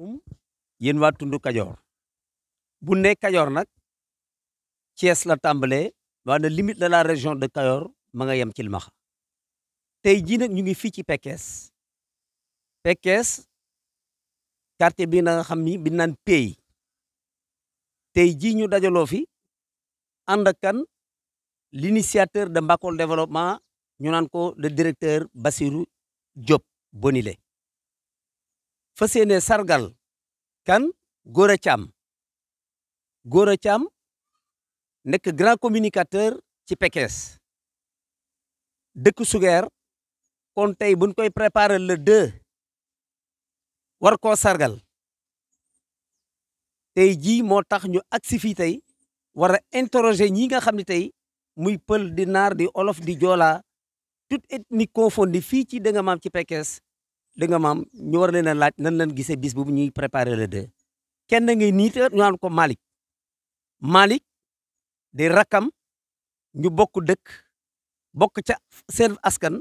Um, yéen waa tund kajoor bu ne kajoor nag Thiès la tàmbalee maanaam limite de la région de Kajoor ma nga yem ci Limaxa tey jii nag ñu ngi fii ci Pekes Pekes quartier bi na xam ni bi naan pey tey jii ñu dajaloo fi ànd ak kan l'initiateur de Mbakol développement ñu naan ko le directeur Basirou Diop Bonilé fas yéene sargal kan góor Gora góor Gora Thiam nekk grand communicateur ci Pekes dëkk Sugeer kon tey buñ koy préparer le 2 war koo sargal tey jii moo tax ñu agsi fii tey war a interroger ñi nga xam ne tey muy pël di naar di olof di joola toute ethnie confondue fii ci Dënga Maam ci Pekes di nga maam ñu war leen a laaj nan leen gisee bis bu ñuy préparer le deux kenn ngi niit ñu naan ko Malick Malick di rakkam ñu bokk dëkk bokk ca seen askan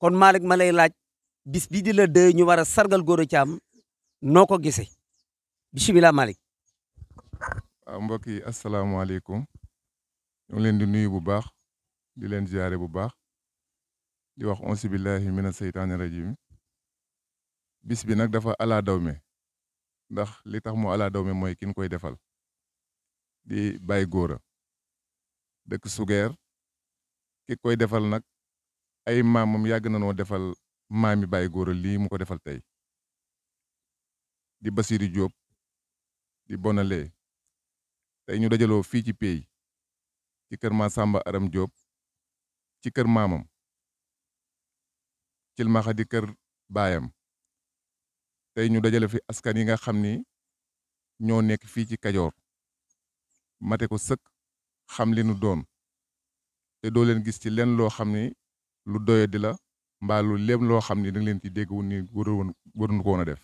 kon malik ma laaj bis bi di le deux ñu war a sargal Gora Thiam noo ko gisee bisimilah Malick. waaw mbokk yi asalaamaaleykum ñu ngi leen di nuyu bu baax di leen ziare bu baax di wax onsi billahi mina bis bi nag dafa alaa daw me ndax li tax mu alaa daw me mooy kin koy defal di bàyyi góora dëkk sugeer ki koy defal nag ay maamam yàgg na noo defal maami bàyyi góora lii mu ko defal tey di Basiri jóob di Bonalee tey ñu dajaloo fii ci pey ci kër ma Samba Aram Diop ci kër maamam cilmaxa di kër baayam tey ñu dajale fi askan yi nga xam ni ñoo nekk fii ci Kajoor mate ko sëkk xam li nu doon te doo leen gis ci lenn loo xam ni lu doyo di la mbaa lu léem loo xam ni da leen ci dégg wu ni waroon waroon ko woon a def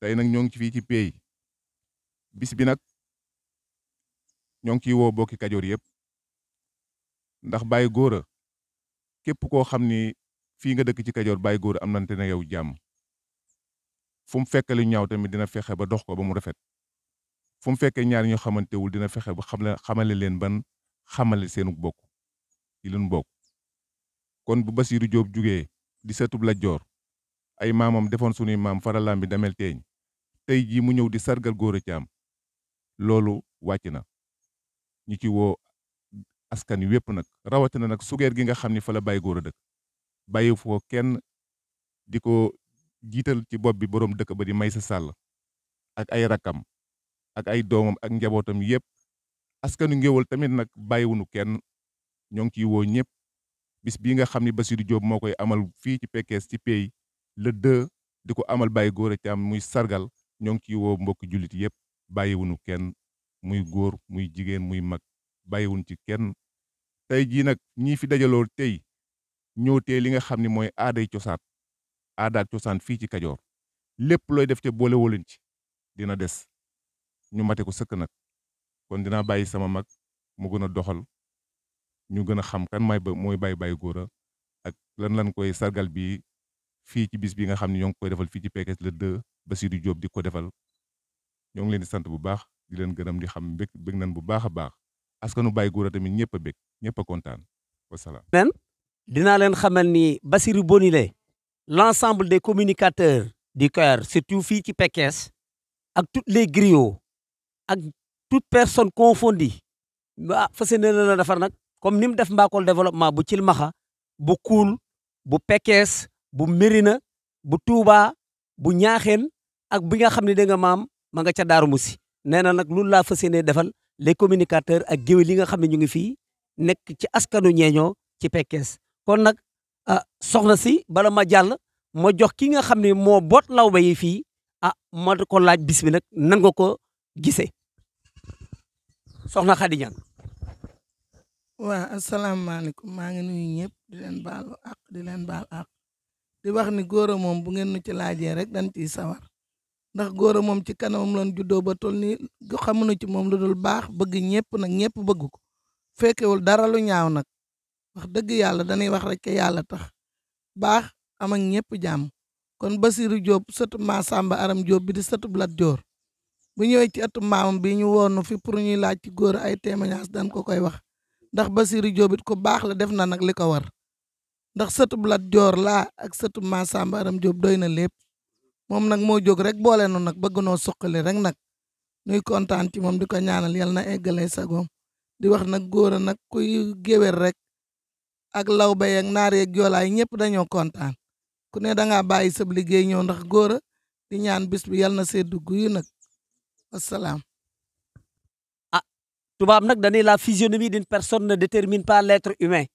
tey nag ñoo ngi ci fii ci pey bis bi nag ñoo ngi ciy woo bokki Kajoor yëpp ndax Baye góora képp koo xam ni fii nga dëkk ci Kajoor Baye Gora am nante na yow jàmm fu mu fekkee lu ñaaw tamit dina fexe ba dox ko ba mu rafet fu mu fekkee ñaar ñoo xamantewul dina fexe ba xamle xamale leen ban xamale seenu bokk yi leen bokk kon bu Basiiru Jóob jugee di satub la joor ay maamam defoon sunuy maam faralaam bi damel teeñ tey jii mu ñëw di sargal góor a caam loolu wàcc na ñu ci woo askan wi wépp nag rawatina nag sugeer gi nga xam ni fa la bàyyi góor a dëkk bàyyi foo kenn di ko jiital ci bopp bi boroom dëkk ba di may sa Sàll ak ay rakkam ak ay doomam ak njabootam yépp askanu ngéwal tamit nag bàyyiwunu kenn ñoo ngi ciy woo ñëpp bis bii nga xam ni Bassirou jóom moo koy amal fii ci Pekes ci pey le 2 di ko amal bàyyi góor Gora Thiam muy sargal ñoo ngi ciy woo mbokki jullit yépp bàyyiwunu kenn muy góor muy jigéen muy mag bàyyiwun ci kenn tey jii nag ñii fi dajaloo tey ñëw tee li nga xam ni mooy aaday cosaan aadaak cosaan fii ci kajoor lépp looy def te boole woo leen ci dina des ñu mate ko sëkk nag kon dinaa bàyyi sama mag mu gën a doxal ñu gën a xam kan may mooy bay Baye Gora ak lan lan koy sargal bi fii ci bis bi nga xam ne ñoo ngi koy defal fii ci Pekes le 2 Basirou Diop di ko defal ñoo ngi leen di sant bu baax di leen gërëm di xam bég bég bu baax a baax askanu Baye Gora tamit ñëpp a bég ñëpp a kontaan wasalaam. nen dinaa leen xamal ni Basirou Bonilé l'ensemble des communicateurs du COER surtout fii ci pekees ak toutes les griots ak toute personne confondue ah fas na defar nag comme ni mu def Mbakol développement bu Cilmaxa bu Kuul bu Pekes bu Mérina bu Touba bu Ñaaxeen ak bi nga xam ne da nga maam ma nga ca Daaru Musi nee na nag loolu laa fas yéene defal les communicateurs ak géwél yi nga xam ne ñu ngi fii nekk ci askanu ñeeñoo ci Pekes kon nag ah si bala ma jàll ma jox ki nga xam ne moo boot lawbe yi fii ah ma ko laaj bis bi nag nan nga ko gisee soxna Khady Niang. waaw asalaamaaleykum maa ngi nuyu ñëpp di leen baal ak di leen baal ak di wax ni góor a moom bu ngeen nu ci laajee rek dañ ciy sawar ndax góor a moom ci kanamam loon juddoo ba toll nii xamuñu ci moom lu dul baax bëgg ñépp nag ñëpp bëgg ko fekkewul dara lu ñaaw nag wax dëgg yàlla dañuy wax rek yàlla tax baax am ak ñëpp jàmm kon Basiru Jóob sëtu maa Sàmba Aram Jóob bi di sëtu Lat Joor bu ñëwee ci ëttu maamam bi ñu woonu fi pour ñuy laaj ci góor ay témoignage dañ ko koy wax ndax Basiru Jóob it ko baax la def na nag li ko war ndax sëtu Lat Joor laa ak sëtu maa Sàmba Aram Jóob doy na lépp moom nag moo jóg rek boole noonu nag bëgg noo suqali rek nag nuy kontaan ci moom di ko ñaanal yal na eggalee sagoom di wax nag góor a kuy géwél rek ak lawbe yeeg naar yeeg joolaay ñëpp dañoo kontaan ku ne da ngaa bàyyi sab liggéey ñëw ndax góor a di ñaan bis bi yàlla na seddu guyu nag wasalaam. ah tubaab nag dañuy la physionomie d'une personne ne détermine pas l'être humain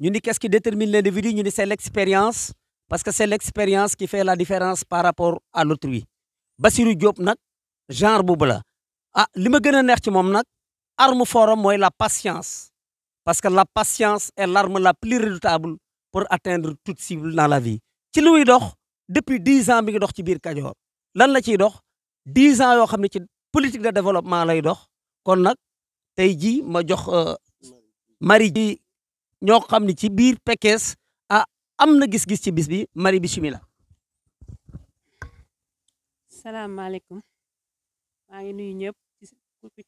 ñu ni qu'est-ce qui détermine l'individu ñu ni c'est l'expérience parce que c'est l'expérience qui fait la différence par rapport à l'autrui Bassirou Diop nag genre boobu la ah li ma gën a neex ci moom nag arme forum mooy la patience parce que la patience est l'arme la plus redoutable pour atteindre toute cible dans la vie. ci li muy dox depuis dix ans mi ngi dox ci biir Kajoor lan la ciy dox dix ans yoo xam ne ci politique de développement lay dox kon nag tey jii ma jox euh, mari ji ñoo xam ne ci biir Pekes ah am na gis-gis ci bis bi mari bisimilah. salaamaaleykum maa ngi nuyu ñëpp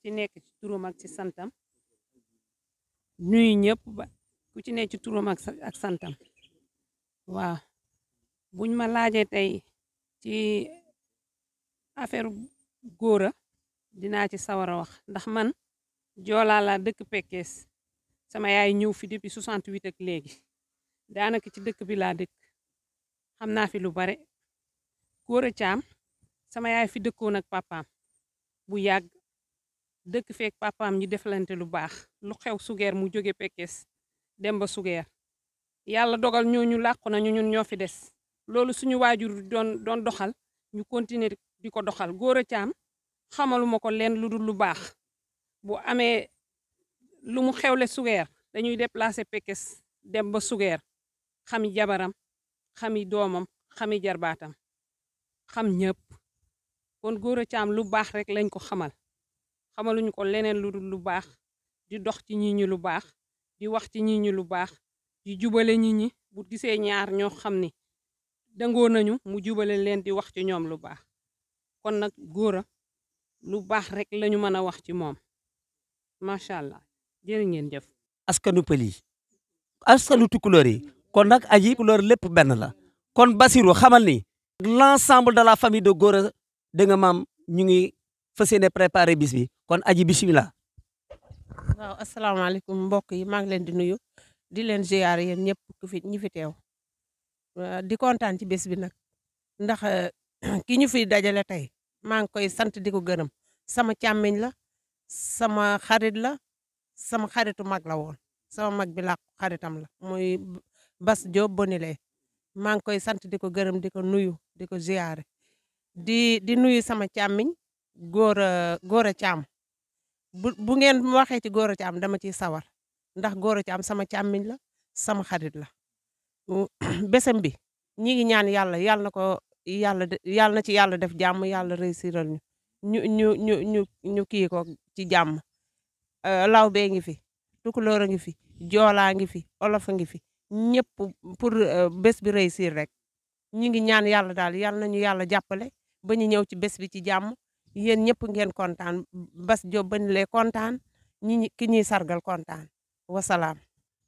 nekk ci turam ci santam. nuyu ñëpp ba ku ci ne ci turam ak ak santam waaw buñ ma laajee tey ci affaire góora dinaa ci sawar a wax ndax man joolaa la dëkk Pekes sama yaay ñëw fi depuis 68 ak léegi daanaka ci dëkk bi laa dëkk xam naa fi lu bare góora caam sama yaay fi dëkkoon ak papaam bu yàgg dëkk feek papaam ñu deflante lu baax lu xew sugeer mu jóge pekkes dem ba sugeer yàlla dogal ñu làqu nañu ñun ñoo fi des loolu suñu waajur doon doon doxal ñu continuer di ko doxal góor a caam xamaluma ko leen lu dul lu baax bu amee lu mu xewle sugeer dañuy déplacer pekkes dem ba sugeer xami jabaram xam xami doomam xam xami jarbaatam xam ñëpp kon góor caam lu baax rek lañ ko xamal ñu ko leneen lu dul lu baax di dox ci ñi ñi lu baax di wax ci ñi ñi lu baax di jubale ñi ñi bu gisee ñaar ñoo xam ni dangoo nañu mu jubale leen di wax ci ñoom lu baax kon nag góora lu baax rek lañu mën a wax ci moom macha allah jërë ngeen jëf. askanu pël yi askanu tukulóor yi kon nag aji tukulóor lépp benn la kon Basirou xamal ni. l'ensemble de la famille Gora Danga Maam ñu ngi. fas yéene préparé bis bi kon aji bisimilah. waaw asalaamaaleykum mbokk yi maa ngi leen di nuyu di leen ziar yéen ñëpp ku fi ñi fi teew di kontaan ci bés bi nag ndax ki ñu fi dajale tey maa ngi koy sant di ko gërëm sama càmmiñ la sama xarit la sama xaritu mag la woon sama mag bi laa la muy Bas Diop Bonilé maa ngi koy sant di ko gërëm di ko nuyu di ko ziar di di nuyu sama càmmiñ Gora Gora Thiam bu bu ngeen waxee ci Gora Thiam dama ciy sawar ndax Gora Thiam sama càmmiñ la sama xarit la bésam bi ñi ngi ñaan yàlla yàlla ko yàlla yàlla na ci yàlla def jàmm yàlla réussiral ñu ñu ñu ñu ñu kii ko ci jàmm lawbe ngi fi tukulóor a fi joolaa ngi fi olof a ngi fi ñëpp pour bés bi réussir rek ñi ngi ñaan yàlla daal yàlla nañu yàlla jàppale ba ñu ñëw ci bés bi ci jàmm yéen ñëpp ngeen kontaan Bass Diop bañ lee kontaan ñi ki ñuy sargal kontaan wasalaam.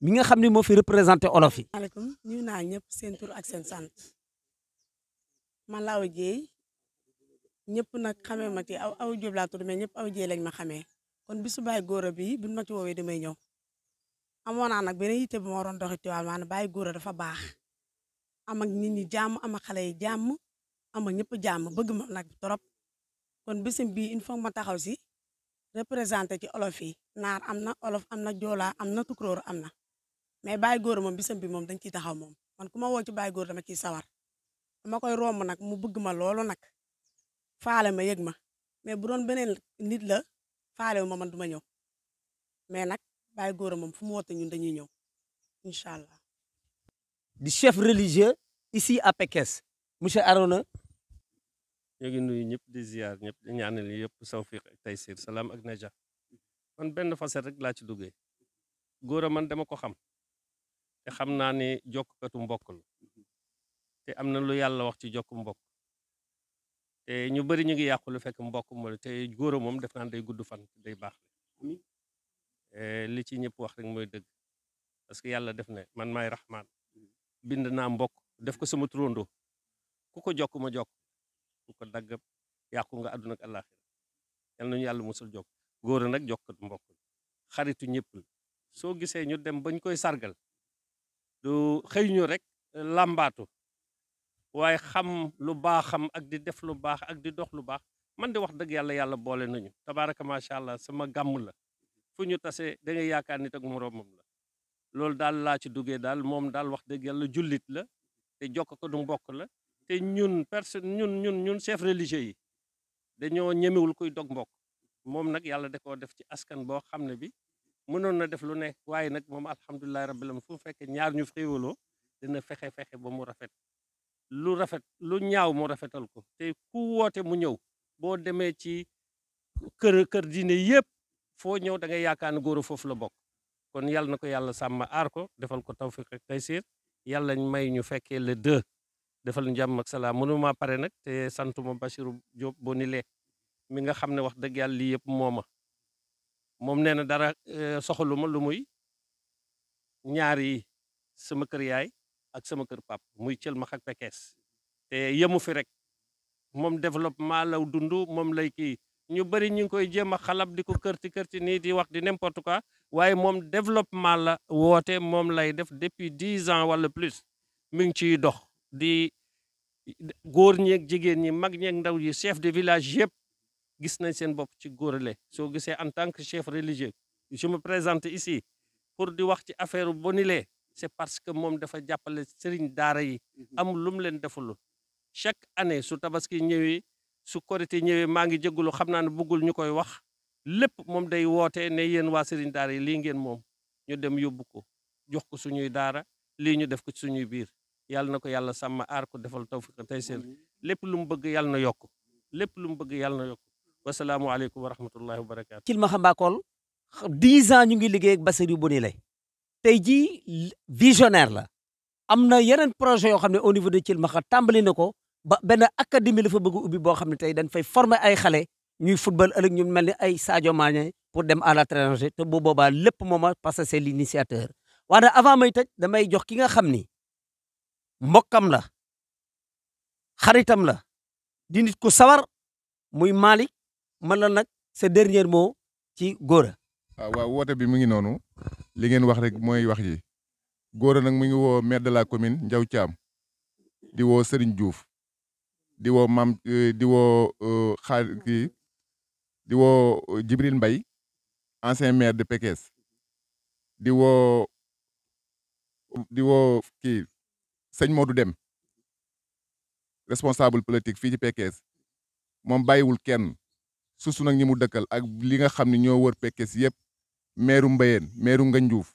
mi nga xam ne moo fi représenté olof yi. maaleykum ñu naa ñëpp seen ak seen sant man la aw jéey ñëpp nag xamee ma ci aw aw Diop laa tudd mais ñëpp aw jéey lañ ma xamee kon bisu baay góor bi buñ ma ci woowee damay ñëw. amoon naa nag beneen yitte bi ma waroon doxi Tiwaawan maanaam bàyyi góor dafa baax am ak nit ñi jàmm am ak xale yi jàmm am ak ñëpp jàmm bëgg ma nag trop. kon bisim bii il faut ma taxaw si représenté ci olof yi naar am na olof am na joolaa am na tukróor am na mais bàyyi góor moom bisam bi moom dañ ciy taxaw moom man ku ma woo ci bàyyi dama ciy sawar dama koy romb nag mu bëgg ma loolo nag faale ma yëg ma mais bu doon beneen nit la faale ma man du ma ñëw mais nag bàyyi góor moom fu mu woote ñun dañuy ñëw incha allah. di chef religieux ici à Pekes monsieur Arona ñoo ngi nuyu ñëpp di ziar ñëpp di ñaanal yëpp tawfiq ak taysir salaam ak naja man benn facette rek laa ci duggee góor man dama ko xam te xam naa ne jokkatu mbokk la te am na lu yàlla wax ci jokk mbok te ñu bari ñu ngi yàqu lu fekk mbokk mooy te góor a moom def naan day gudd fan day baax eh, li ci ñëpp wax rek mooy dëgg parce que yàlla def ne man may raxmaan bind naa mbokk def ko sama turandoo ku ko jokk ma jokk ko daggab yàqu nga àdduna ak àllaaxira yal nañu yàlla musal jokk góor a nag jokkatu mbokk xaritu ñëpp la soo gisee ñu dem bañ koy sargal du xëy ñu rek làmbaatu waaye xam lu baaxam ak di def lu baax ak di dox lu baax man di wax dëgg yàlla yàlla boole nañu tabaaraka macha allah sama gàmm la fu ñu tasee da ngay yaakaar nit ak moroomam la loolu daal laa ci duggee daal moom daal wax dëgg yàlla jullit la te jokk ko du mbokk la te ñun personne ñun ñun ñun chef religieux yi dañoo ñemewul koy dog mbokk moom nag yàlla da koo def ci askan boo xam ne bi mënoon na def lu ne waaye nag moom alhamdulilahi rabbil alamin fu mu fekkee ñaar ñu xéewaloo dana fexe-fexe ba mu rafet lu rafet lu ñaaw mu rafetal ko te ku woote mu ñëw boo demee ci kër kër diine yépp foo ñëw da ngay yaakaar ne góor foofu la bokk kon yàlla na ko yàlla sàmm aar ko defal ko tawfiq ak taysir yàlla may ñu fekkee le deux defal ñu jàmm ak salaam mënuma pare nag te santuma Bachirou Diop Bonilé mi nga xam ne wax dëgg yàlla lii yëpp mooma moom nee na dara eh, soxaluma lu muy ñaar sama kër yaay ak sama kër pap muy Cëlmax ak Pekes te yemu fi rek moom développement la dund moom lay kii ñu bëri ñu ngi koy jéem a xalab di ko kërti kërti nii di wax di n'importe quoi waaye moom développement la woote moom lay def depuis dix ans wala plus mi ngi ciy dox di góor ñeeg jigéen ñi mag ñeeg ndaw ñi chef de village yëpp gis nañ seen bopp ci góorle soo gisee en tant que chef religieux je me présente ici pour di wax ci affaire Bonilé c'est parce que moom dafa jàppale sëriñ daara yi mhm. amul lu mu leen defulul chaque année su tabaski ñëwee su korité ñëwee maa ngi jégalu xam naa ne bëggul ñu koy wax lépp moom day woote ne yéen waa sëriñ daara yi lii ngeen moom ñu dem yóbbu ko jox ko suñuy daara lii ñu def ko ci suñuy biir yàlla na ko yàlla sàmm aar ko defal tawfiq lépp lu mu bëgg yàlla yokk lépp lu mu bëgg yàlla na yokk wasalaamualeykum wa rahmatullahi wa barakaatu. Kilmaxa Mbakol dix ans ñu ngi liggéey ak Bassirou Boni lay tey jii visionnaire la am na yeneen projet yoo xam ne au niveau de Kilmaxa tàmbali na ko ba benn académie la fa bëgg ubbi boo xam ne tey dañ fay former ay xale ñuy futbal ëllëg ñu mel ne ay Sadio Mané pour dem à l'étranger te bu boobaa lépp mooma parce que c'est l'initiateur waaye avant may tëj damay jox ki nga xam ni. mbokkam la xaritam la di nit ku sawar muy Malick mala nag sa dernier mot ci Gora. waaw ah, waaw woote bi mu ngi noonu li ngeen wax rek mooy wax ji Gora nag mu ngi woo maire de la commune Ndiaw Thiam di woo Serigne Diouf di woo maam eh, di woo eh, xaar kii di woo eh, Djibril Mbaye ancien maire de Pekes di woo di woo kii sëñ Modou Dem responsable politique fii ci Pekes moom bàyyiwul kenn susu nag ñi mu dëkkal ak li nga xam ne ñoo wër Pekes yëpp meeru Mbayeen meeru njuuf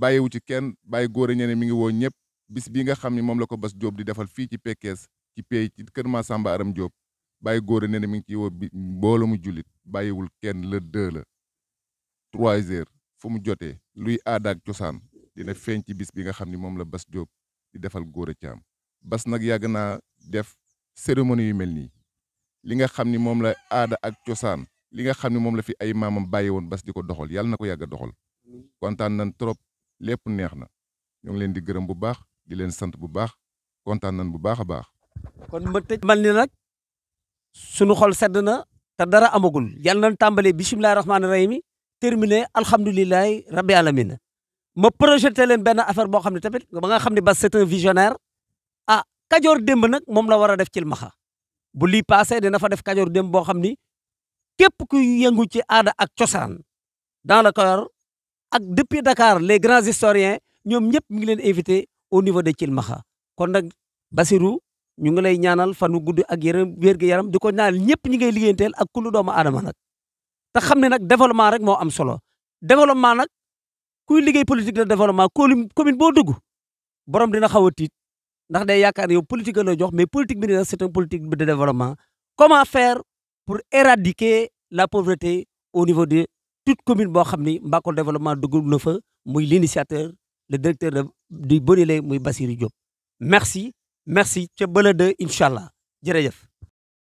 bàyyiwu ci kenn bàyyi góor ñene mi ngi woo ñëpp bis bi nga xam ne moom la ko Bass Diop di defal fii ci Pekes ci pay ci kër Massamba Aram Diop bàyyi góor ñene mi ngi ci woo mbooloo mu jullit bàyyiwul kenn la deux la trois heures fu mu jotee luy aada ak cosaan dina feeñ ci bis bi nga xam ne moom la Bass Diop di defal Gora caam bas nag yàgg naa def cérémonie yu mel ni li nga xam ni moom la aada ak cosaan li nga xam ni moom la fi ay maamam bàyyi woon bas di ko doxal yàlla na ko yàgg a doxal kontaan nañ trop lépp neex na ñoo ngi leen di gërëm bu baax di leen sant bu baax kontaan nañ bu baax a baax. kon ma tëj man ni nag sunu xol sedd na te dara amagul yàlla nañ tàmbalee bisimilah rahmaani rahim terminé alhamdulilah rabbi alamin ma projeté leen benn affaire boo xam ne tamit ba nga xam ne Bass c'est un visionnaire ah Kajoor démb nag moom la war a def ci Maxa bu lii passé dina fa def Kajoor demb boo xam ni képp ku yëngu ci aada ak cosaan dans le Kajoor ak depuis Dakar les grands historiens ñoom ñëpp ñu ngi leen invité au niveau de Cilmaxa kon nag Basirou ñu ngi lay ñaanal fan wu gudd ak yaram wér gu yaram di ko ñaanal ñëpp ñi ngay liggéeyanteel ak kullu doomu aadama nag te xam ne nag développement rek moo am solo kuy liggéey politique de développement commune boo dugg borom dina xaw a tiit ndax day yaakaar yow politique la jox mais politique bi ne c'est une politique de développement comment faire pour éradiquer la pauvreté au niveau de toute commune boo xam ni Mbakol développement dugg na fa muy l'initiateur le directeur du Bonilé muy bassiri Diop merci merci ca bële de incha allah jërëjëf